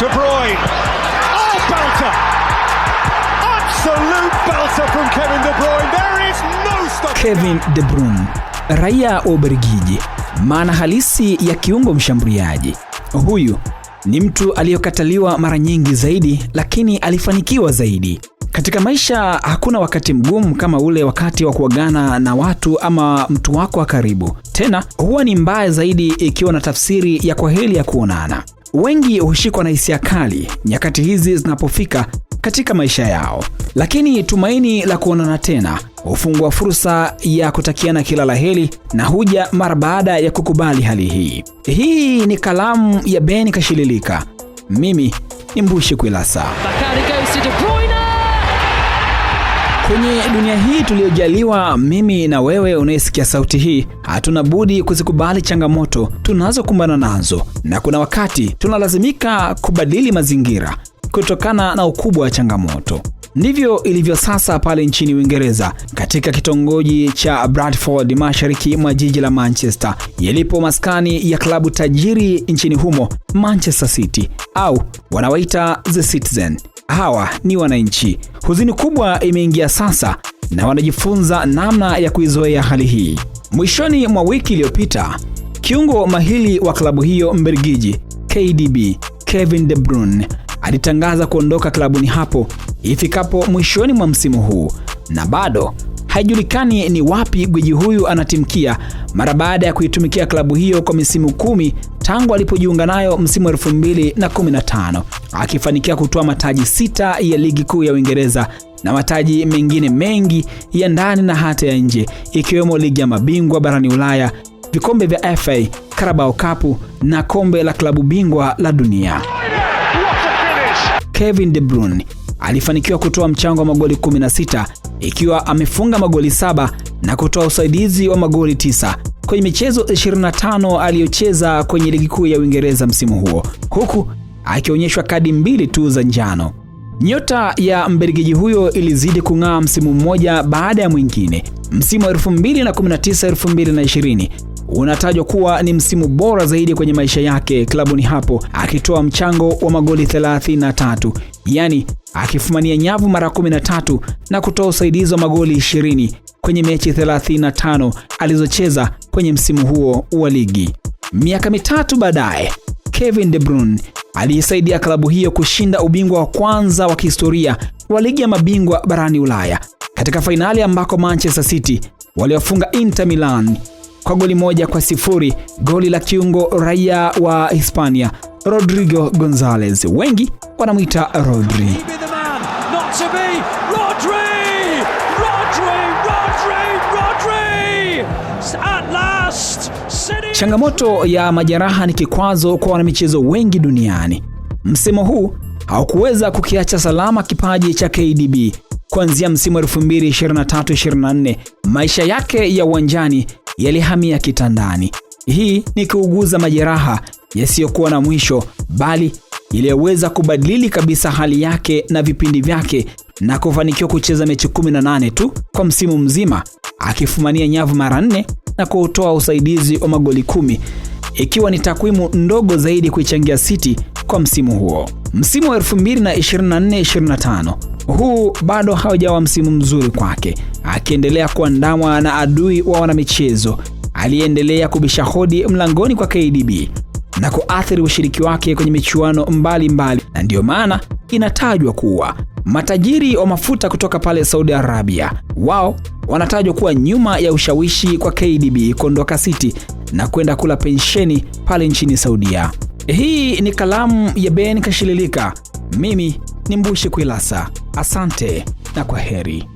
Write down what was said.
De Bruyne. Oh, belter! Absolute belter from Kevin De Bruyne. There is no stop. Kevin De Bruyne, raia wa Ubelgiji, maana halisi ya kiungo mshambuliaji. Huyu ni mtu aliyokataliwa mara nyingi zaidi, lakini alifanikiwa zaidi. Katika maisha hakuna wakati mgumu kama ule wakati wa kuagana na watu ama mtu wako wa karibu. Tena huwa ni mbaya zaidi ikiwa na tafsiri ya kwaheri ya kuonana. Wengi hushikwa na hisia kali nyakati hizi zinapofika katika maisha yao, lakini tumaini la kuonana tena hufungua fursa ya kutakiana kila heli na huja mara baada ya kukubali hali hii. Hii ni kalamu ya Ben Kashililika. Mimi ni Mbushi Kwilasa. Kwenye dunia hii tuliyojaliwa, mimi na wewe unayesikia sauti hii, hatuna budi kuzikubali changamoto tunazokumbana nazo, na kuna wakati tunalazimika kubadili mazingira kutokana na ukubwa wa changamoto. Ndivyo ilivyo sasa pale nchini Uingereza, katika kitongoji cha Bradford, mashariki mwa jiji la Manchester, yalipo maskani ya klabu tajiri nchini humo, Manchester City au wanawaita The Citizen hawa ni wananchi. Huzuni kubwa imeingia sasa na wanajifunza namna ya kuizoea hali hii. Mwishoni mwa wiki iliyopita, kiungo mahili wa klabu hiyo Mbelgiji KDB Kevin De Bruyne alitangaza kuondoka klabuni hapo ifikapo mwishoni mwa msimu huu na bado haijulikani ni wapi gwiji huyu anatimkia mara baada ya kuitumikia klabu hiyo kwa misimu kumi tangu alipojiunga nayo msimu 2015 akifanikiwa kutoa mataji sita ya ligi kuu ya Uingereza na mataji mengine mengi ya ndani na hata ya nje ikiwemo ligi ya mabingwa barani Ulaya, vikombe vya FA, Carabao Cup na kombe la klabu bingwa la dunia. Kevin De Bruyne alifanikiwa kutoa mchango wa magoli 16 ikiwa amefunga magoli saba na kutoa usaidizi wa magoli tisa kwenye michezo 25 aliyocheza kwenye ligi kuu ya Uingereza msimu huo, huku akionyeshwa kadi mbili tu za njano. Nyota ya Mbelgiji huyo ilizidi kung'aa msimu mmoja baada ya mwingine. Msimu wa 2019-2020 unatajwa kuwa ni msimu bora zaidi kwenye maisha yake klabuni hapo, akitoa mchango wa magoli 33, yani akifumania nyavu mara 13 na kutoa usaidizi wa magoli 20 kwenye mechi 35 alizocheza kwenye msimu huo wa ligi. Miaka mitatu baadaye Kevin De Bruyne aliyesaidia klabu hiyo kushinda ubingwa wa kwanza wa kihistoria wa ligi ya mabingwa barani Ulaya katika fainali ambako Manchester City waliwafunga Inter Milan kwa goli moja kwa sifuri, goli la kiungo raia wa Hispania Rodrigo Gonzalez, wengi wanamwita Rodri. Changamoto ya majeraha ni kikwazo kwa wanamichezo wengi duniani. Msimu huu haukuweza kukiacha salama kipaji cha KDB. Kuanzia msimu 2023 2024 maisha yake ya uwanjani yalihamia kitandani. Hii ni kuuguza majeraha yasiyokuwa na mwisho, bali iliyoweza kubadili kabisa hali yake na vipindi vyake na kufanikiwa kucheza mechi 18 tu kwa msimu mzima akifumania nyavu mara nne na kutoa usaidizi wa magoli kumi ikiwa ni takwimu ndogo zaidi kuichangia City kwa msimu huo. Msimu wa 2024-2025 huu bado haujawa msimu mzuri kwake, akiendelea kuandamwa na adui wa wanamichezo aliyeendelea kubisha hodi mlangoni kwa KDB na kuathiri ushiriki wake kwenye michuano mbalimbali mbali. Na ndiyo maana inatajwa kuwa matajiri wa mafuta kutoka pale Saudi Arabia, wao wanatajwa kuwa nyuma ya ushawishi kwa KDB kuondoka City na kwenda kula pensheni pale nchini Saudia. Hii ni kalamu ya Ben Kashililika. Mimi ni Mbushi Kuilasa, asante na kwa heri.